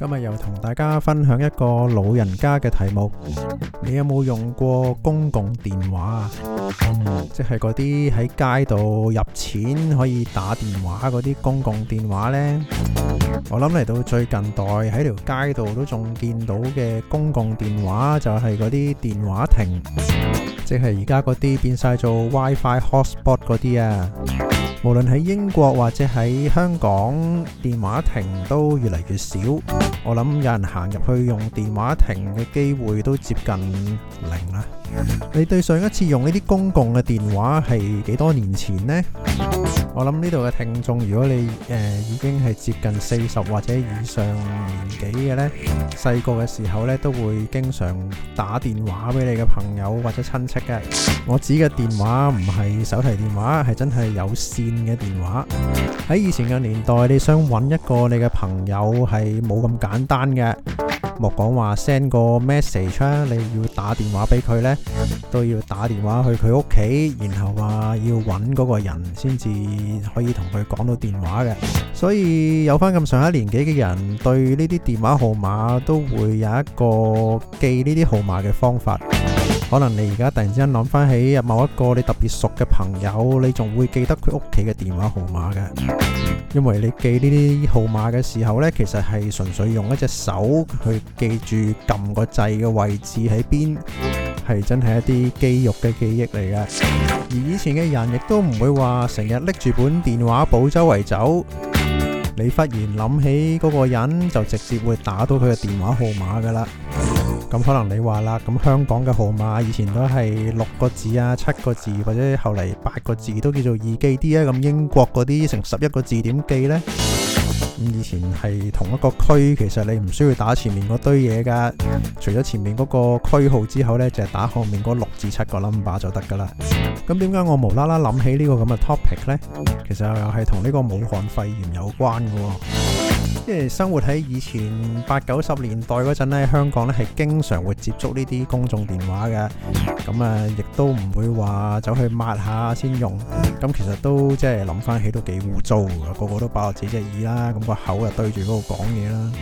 今日又同大家分享一個老人家嘅題目。你有冇用過公共電話？嗯，即係嗰啲喺街度入錢可以打電話嗰啲公共電話呢？我諗嚟到最近代喺條街度都仲見到嘅公共電話就係嗰啲電話亭，即係而家嗰啲變晒做 WiFi hotspot 嗰啲啊。無論喺英國或者喺香港，電話亭都越嚟越少。我諗有人行入去用電話亭嘅機會都接近零啦。你對上一次用呢啲公共嘅電話係幾多年前呢？我諗呢度嘅聽眾，如果你誒、呃、已經係接近四十或者以上年紀嘅呢，細個嘅時候呢都會經常打電話俾你嘅朋友或者親戚嘅。我指嘅電話唔係手提電話，係真係有線嘅電話。喺以前嘅年代，你想揾一個你嘅朋友，係冇咁簡單嘅。莫講話 send 個 message 啊！你要打電話俾佢呢，都要打電話去佢屋企，然後話要搵嗰個人先至可以同佢講到電話嘅。所以有返咁上下年紀嘅人，對呢啲電話號碼都會有一個記呢啲號碼嘅方法。可能你而家突然之間諗翻起某一個你特別熟嘅朋友，你仲會記得佢屋企嘅電話號碼嘅，因為你記呢啲號碼嘅時候呢，其實係純粹用一隻手去記住撳個掣嘅位置喺邊，係真係一啲肌肉嘅記憶嚟嘅。而以前嘅人亦都唔會話成日拎住本電話簿周圍走，你忽然諗起嗰個人就直接會打到佢嘅電話號碼噶啦。咁可能你話啦，咁香港嘅號碼以前都係六個字啊、七個字，或者後嚟八個字都叫做易記啲啊。咁英國嗰啲成十一個字點記呢？咁以前係同一個區，其實你唔需要打前面嗰堆嘢噶、嗯，除咗前面嗰個區號之後呢，就係、是、打後面嗰六至七個 number 就得㗎啦。咁點解我無啦啦諗起呢個咁嘅 topic 呢？其實又係同呢個武漢肺炎有關㗎喎。即係生活喺以前八九十年代嗰陣咧，香港咧係經常會接觸呢啲公眾電話嘅，咁啊亦都唔會話走去抹下先用，咁其實都即係諗翻起都幾污糟嘅，個個都擺住自己隻耳啦，咁個口呀對住嗰度講嘢啦。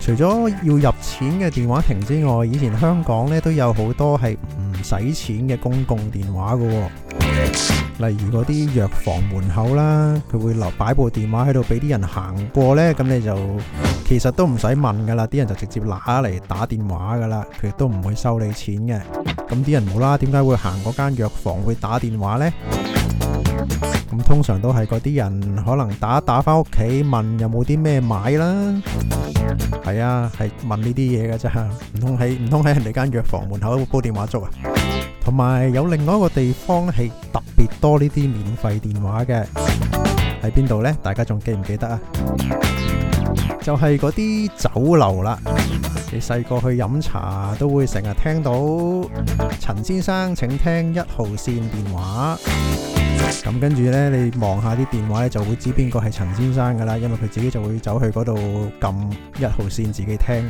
除咗要入錢嘅電話亭之外，以前香港咧都有好多係唔使錢嘅公共電話㗎喎、哦，例如嗰啲藥房門口啦，佢會留擺部電話喺度俾啲人行過呢。咁你就其實都唔使問㗎喇，啲人就直接拿嚟打電話㗎喇，佢都唔會收你錢嘅。咁啲人冇啦，點解會行嗰間藥房去打電話呢？通常都係嗰啲人可能打打返屋企問有冇啲咩買啦，係啊，係問呢啲嘢㗎咋？唔通喺唔通喺人哋間藥房門口煲電話粥啊？同埋有另外一個地方咧，係特別多呢啲免費電話嘅，喺邊度呢？大家仲記唔記得啊？就係嗰啲酒樓啦，你細個去飲茶都會成日聽到陳先生，請聽一號線電話。咁跟住呢，你望下啲電話呢，就會知邊個係陳先生噶啦，因為佢自己就會走去嗰度撳一號線自己聽。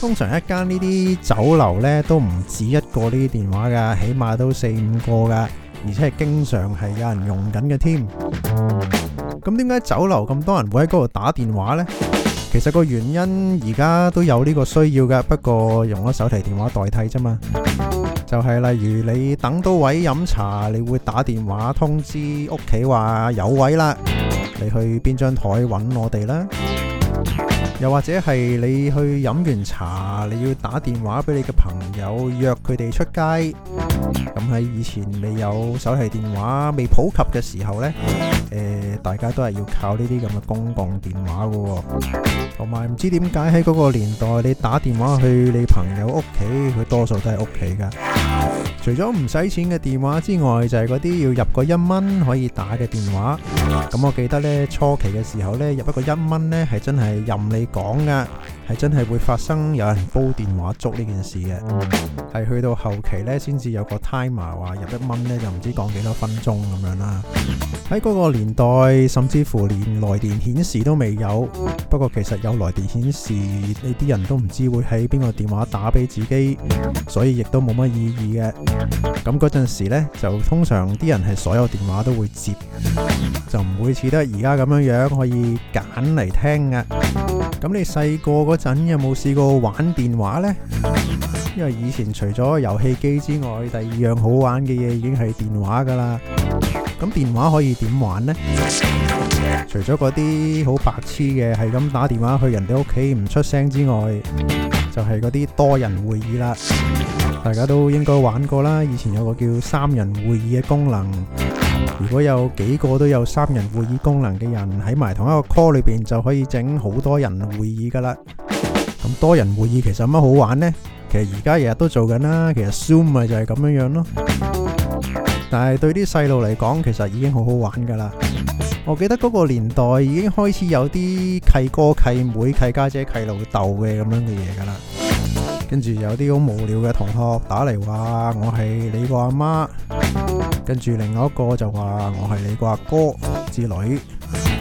通常一間呢啲酒樓呢，都唔止一個呢啲電話噶，起碼都四五個噶，而且係經常係有人用緊嘅添。咁點解酒樓咁多人會喺嗰度打電話呢？其實個原因而家都有呢個需要噶，不過用咗手提電話代替啫嘛。就係例如你等到位飲茶，你會打電話通知屋企話有位啦，你去邊張枱揾我哋啦。又或者係你去飲完茶，你要打電話俾你嘅朋友，約佢哋出街。咁喺以前未有手提電話，未普及嘅時候呢，誒、呃，大家都係要靠呢啲咁嘅公共電話噶，同埋唔知點解喺嗰個年代你打電話去你朋友屋企，佢多數都係屋企噶。除咗唔使錢嘅電話之外，就係嗰啲要入個一蚊可以打嘅電話。咁我記得呢初期嘅時候呢，入一個一蚊呢係真係任你講噶。係真係會發生有人煲電話粥呢件事嘅。嗯，係去到後期呢，先至有個 timer 話入一蚊呢，就唔知講幾多分鐘咁樣啦。喺嗰個年代，甚至乎連來電顯示都未有。不過其實有來電顯示呢啲人都唔知會喺邊個電話打俾自己，所以亦都冇乜意義嘅。咁嗰陣時呢，就通常啲人係所有電話都會接，就唔會似得而家咁樣樣可以揀嚟聽㗎。咁你細個嗰陣有冇試過玩電話呢？因為以前除咗遊戲機之外，第二樣好玩嘅嘢已經係電話㗎啦。咁電話可以點玩呢？除咗嗰啲好白痴嘅係咁打電話去人哋屋企唔出聲之外，就係嗰啲多人會議啦。大家都應該玩過啦。以前有個叫三人會議嘅功能。如果有幾個都有三人會議功能嘅人喺埋同一個 call 裏邊，就可以整好多人會議噶啦。咁多人會議其實有乜好玩呢？其實而家日日都做緊啦。其實 Zoom 咪就係咁樣樣咯。但係對啲細路嚟講，其實已經好好玩噶啦。我記得嗰個年代已經開始有啲契哥、契妹、契家姐、契老豆嘅咁樣嘅嘢噶啦。跟住有啲好無聊嘅同學打嚟話：我係你個阿媽。跟住另外一個就話我係你個阿哥之女，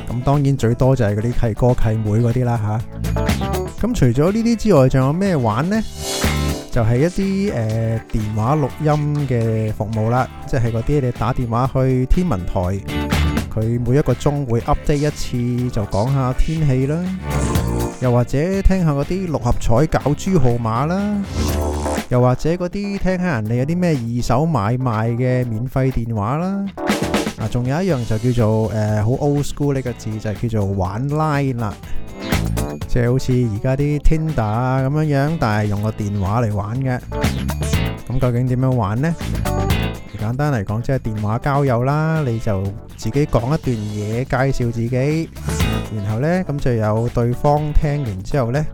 咁當然最多就係嗰啲契哥契妹嗰啲啦吓，咁、啊、除咗呢啲之外，仲有咩玩呢？就係、是、一啲誒、呃、電話錄音嘅服務啦，即係嗰啲你打電話去天文台，佢每一個鐘會 update 一次，就講下天氣啦，又或者聽下嗰啲六合彩攪珠號碼啦。又或者嗰啲聽下人哋有啲咩二手買賣嘅免費電話啦，啊，仲有一樣就叫做誒，好，呃，old school 呢個字就叫做玩 Line 啦，即係好似而家啲 Tinder 啊咁樣樣，但係用個電話嚟玩嘅。咁究竟點樣玩呢？簡單嚟講，即係電話交友啦，你就自己講一段嘢，介紹自己。然後咧,咁就有對方聽完之後咧,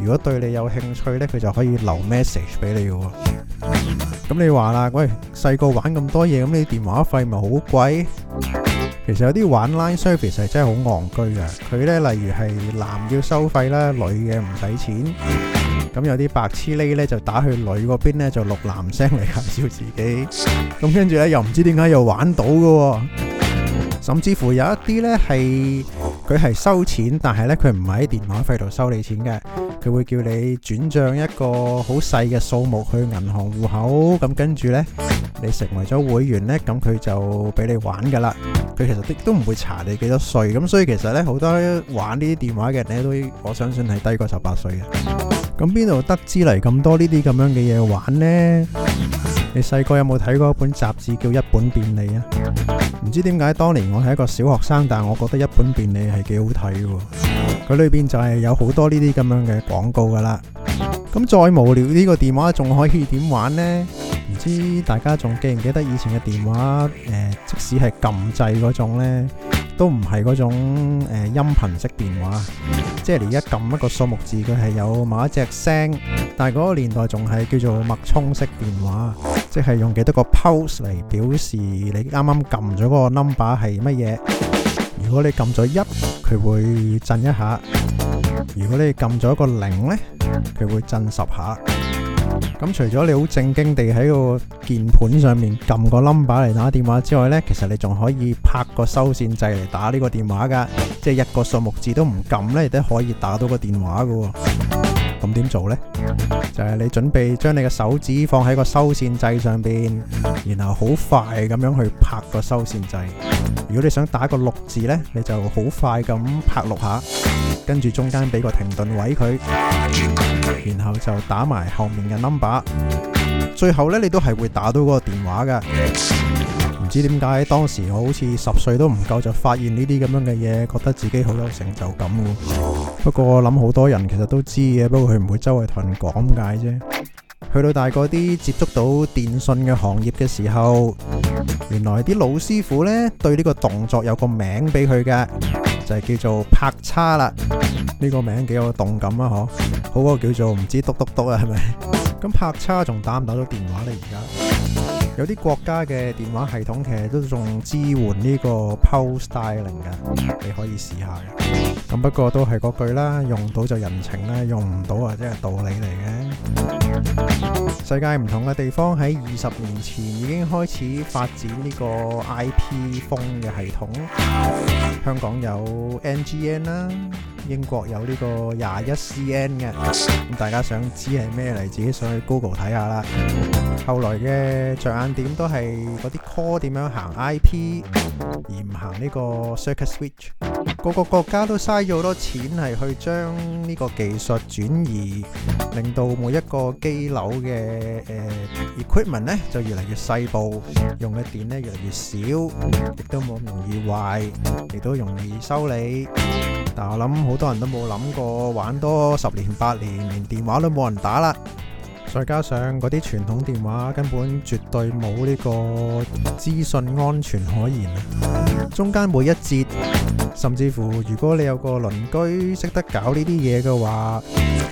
如果對你有興趣咧,佢就可以留 message 俾你嘅,咁你話啦,喂,細個玩咁多嘢,咁你電話費咪好貴?其實有啲玩 line service 係真係好戇居嘅,佢咧,例如係男要收費啦,女嘅唔使錢。佢係收錢，但係咧佢唔係喺電話費度收你錢嘅，佢會叫你轉賬一個好細嘅數目去銀行戶口，咁跟住咧你成為咗會員咧，咁佢就俾你玩噶啦。佢其實亦都唔會查你幾多歲，咁所以其實咧好多玩呢啲電話嘅人咧，都我相信係低過十八歲嘅。咁邊度得知嚟咁多呢啲咁樣嘅嘢玩咧？你細個有冇睇過一本雜誌叫《一本便利》啊？唔知點解當年我係一個小學生，但係我覺得《一本便利》係幾好睇嘅。佢裏邊就係有好多呢啲咁樣嘅廣告噶啦。咁再無聊呢個電話仲可以點玩呢？唔知大家仲記唔記得以前嘅電話？誒，即使係撳掣嗰種呢。都唔係嗰種誒音頻式電話，即係你一撳一個數目字，佢係有某一隻聲。但係嗰個年代仲係叫做脈沖式電話，即係用幾多個 pulse 嚟表示你啱啱撳咗嗰個 number 係乜嘢。如果你撳咗一，佢會震一下；如果你撳咗一個零呢，佢會震十下。咁除咗你好正經地喺個鍵盤上面撳個 number 嚟打電話之外呢，其實你仲可以拍個收綫掣嚟打呢個電話噶，即係一個數目字都唔撳呢，亦都可以打到個電話噶。咁點做呢？就係、是、你準備將你嘅手指放喺個收綫掣上邊，然後好快咁樣去拍個收綫掣。如果你想打個六字咧，你就好快咁拍六下，跟住中間俾個停頓位佢，然後就打埋後面嘅 number。最後咧你都係會打到嗰個電話㗎。唔知點解當時我好似十歲都唔夠就發現呢啲咁樣嘅嘢，覺得自己好有成就感喎。不過我諗好多人其實都知嘅，不過佢唔會周圍同人講解啫。去到大個啲，接觸到電信嘅行業嘅時候，原來啲老師傅呢，對呢個動作有個名俾佢嘅，就係叫做拍叉啦。呢個名幾有動感啊，嗬。好過叫做唔知篤篤篤啊，係咪？咁拍叉仲打唔打到電話呢？而家。有啲國家嘅電話系統其實都仲支援呢個 pulse styling 嘅，你可以試下嘅。咁不過都係嗰句啦，用到就人情啦，用唔到就真係道理嚟嘅。世界唔同嘅地方喺二十年前已經開始發展呢個 IP phone 嘅系統，香港有 NGN 啦。英國有呢個 21CN 嘅，咁大家想知係咩嚟就自己上去 Google 睇下啦後來嘅著眼點都係嗰啲 call 點樣行 IP 而唔行呢個 circuit 但我諗好多人都冇諗過玩多十年八年，連電話都冇人打啦。再加上嗰啲傳統電話根本絕對冇呢個資訊安全可言。中間每一節，甚至乎如果你有個鄰居識得搞呢啲嘢嘅話，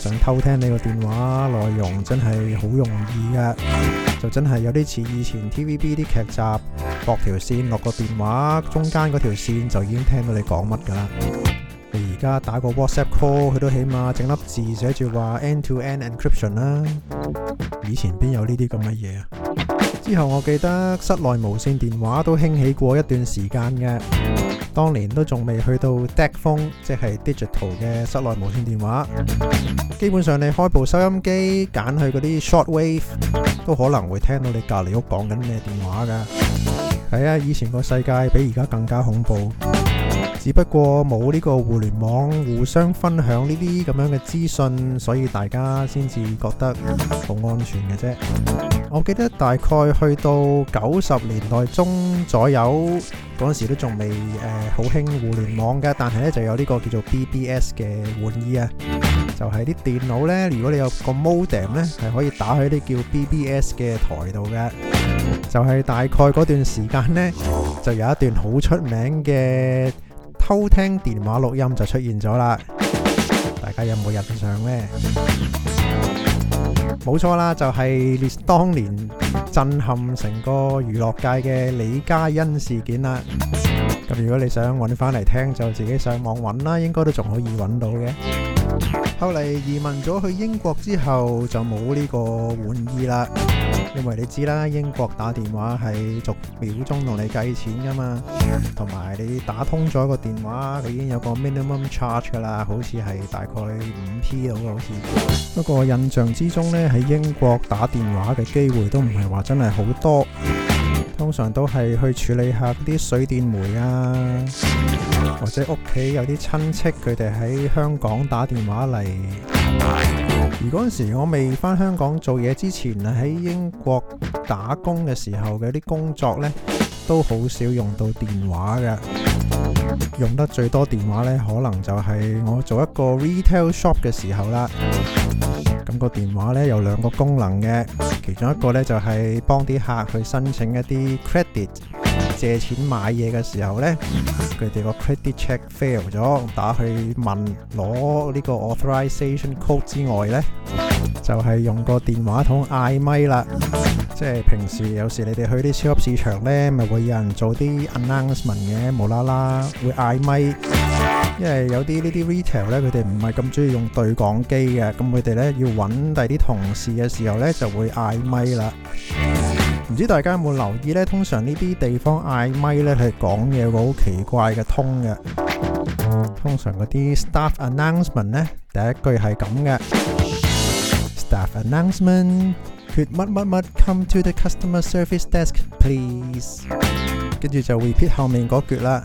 想偷聽你個電話內容真係好容易噶。就真係有啲似以前 TVB 啲劇集，駁條線落個電話，中間嗰條線就已經聽到你講乜噶啦。你而家打個 WhatsApp call，佢都起碼整粒字寫住話 end-to-end encryption 啦。以前邊有呢啲咁嘅嘢啊？之後我記得室內無綫電話都興起過一段時間嘅，當年都仲未去到 DECT phone，即係 digital 嘅室內無綫電話。基本上你開部收音機揀去嗰啲 short wave，都可能會聽到你隔籬屋講緊咩電話㗎。係啊，以前個世界比而家更加恐怖。只不過冇呢個互聯網互相分享呢啲咁樣嘅資訊，所以大家先至覺得好安全嘅啫。我記得大概去到九十年代中左右嗰陣時都仲未誒好興互聯網嘅，但係呢就有呢個叫做 BBS 嘅玩意啊，就係啲電腦呢，如果你有個 modem 咧，係可以打喺啲叫 BBS 嘅台度嘅。就係大概嗰段時間呢，就有一段好出名嘅。偷聽電話錄音就出現咗啦，大家有冇印象呢？冇錯啦，就係、是、當年震撼成個娛樂界嘅李嘉欣事件啦。咁、嗯、如果你想揾翻嚟聽，就自己上網揾啦，應該都仲可以揾到嘅。後嚟移民咗去英國之後就冇呢個玩意啦，因為你知啦，英國打電話係逐秒鐘同你計錢噶嘛，同、嗯、埋你打通咗個電話，佢已經有個 minimum charge 噶啦，好似係大概五 p 到，好似。不過印象之中咧，喺英國打電話嘅機會都唔係話真係好多。通常都係去處理下啲水電煤啊，或者屋企有啲親戚佢哋喺香港打電話嚟。而嗰陣時我未返香港做嘢之前啊，喺英國打工嘅時候嘅啲工作呢，都好少用到電話嘅。用得最多電話呢，可能就係我做一個 retail shop 嘅時候啦。咁個電話咧有兩個功能嘅，其中一個咧就係幫啲客去申請一啲 credit 借錢買嘢嘅時候咧，佢哋個 credit check fail 咗，打去問攞呢個 authorization code 之外咧，就係用個電話筒嗌咪啦，即係平時有時你哋去啲超級市場咧，咪會有人做啲 announcement 嘅，無啦啦會嗌咪。因為有啲呢啲 retail 咧，佢哋唔係咁中意用對講機嘅，咁佢哋咧要揾第啲同事嘅時候咧，就會嗌咪啦。唔知大家有冇留意咧？通常呢啲地方嗌咪咧，佢講嘢會好奇怪嘅 tone 嘅。通常嗰啲 staff announcement 咧，第一句係咁嘅：staff announcement，could 乜乜乜 come to the customer service desk please？跟住就 repeat 後面嗰句啦。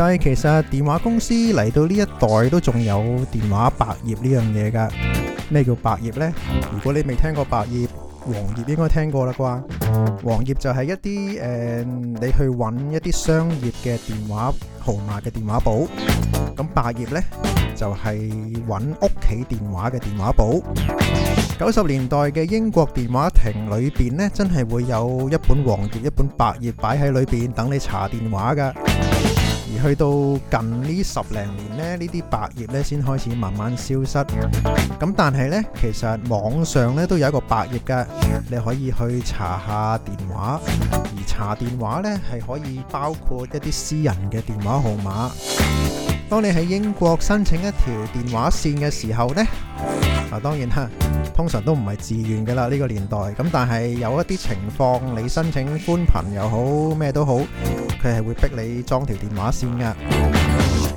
但係其實電話公司嚟到呢一代都仲有電話白頁呢樣嘢噶。咩叫白頁呢？如果你未聽過白頁，黃頁應該聽過啦啩。黃頁就係一啲誒、呃，你去揾一啲商業嘅電話號碼嘅電話簿。咁白頁呢，就係揾屋企電話嘅電話簿。九十年代嘅英國電話亭裏邊呢，真係會有一本黃頁、一本白頁擺喺裏邊等你查電話噶。而去到近呢十零年呢，呢啲白頁呢先開始慢慢消失。咁但係呢，其實網上呢都有一個白頁嘅，你可以去查下電話。而查電話呢，係可以包括一啲私人嘅電話號碼。當你喺英國申請一條電話線嘅時候呢，嗱當然啦，通常都唔係自願噶啦呢個年代。咁但係有一啲情況，你申請寬頻又好，咩都好。佢係會逼你裝條電話線噶，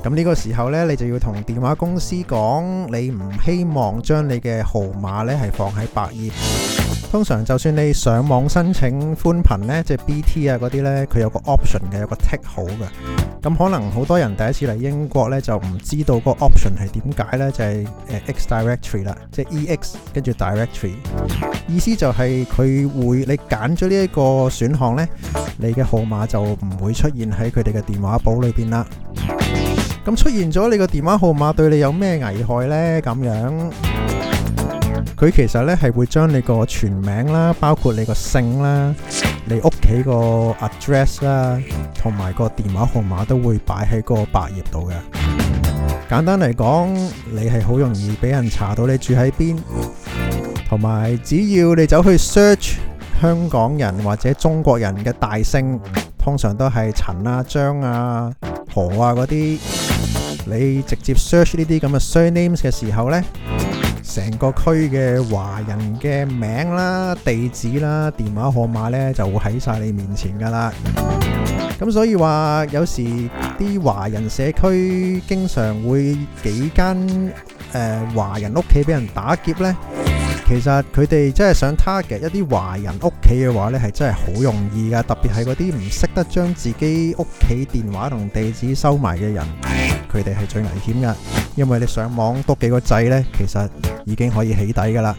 咁呢個時候咧，你就要同電話公司講，你唔希望將你嘅號碼咧係放喺白頁。通常就算你上網申請寬頻咧，即係 BT 啊嗰啲咧，佢有個 option 嘅，有個 tick 好嘅。咁可能好多人第一次嚟英國咧，就唔知道嗰個 option 係點解咧，就係誒 X directory 啦，即係 EX 跟住 directory，意思就係佢會你揀咗呢一個選項咧，你嘅號碼就唔會。出現喺佢哋嘅電話簿裏邊啦。咁出現咗你個電話號碼，對你有咩危害呢？咁樣佢其實咧係會將你個全名啦，包括你個姓啦，你屋企個 address 啦，同埋個電話號碼都會擺喺嗰個白頁度嘅。簡單嚟講，你係好容易俾人查到你住喺邊，同埋只要你走去 search 香港人或者中國人嘅大姓。通常都係陳啊、張啊、何啊嗰啲，你直接 search 呢啲咁嘅 surnames 嘅時候呢，成個區嘅華人嘅名啦、地址啦、電話號碼呢，就會喺晒你面前噶啦。咁所以話有時啲華人社區經常會幾間誒、呃、華人屋企俾人打劫呢。其實佢哋真係想 target 一啲華人屋企嘅話呢，係真係好容易噶。特別係嗰啲唔識得將自己屋企電話同地址收埋嘅人，佢哋係最危險噶。因為你上網篤幾個掣，呢其實已經可以起底噶啦。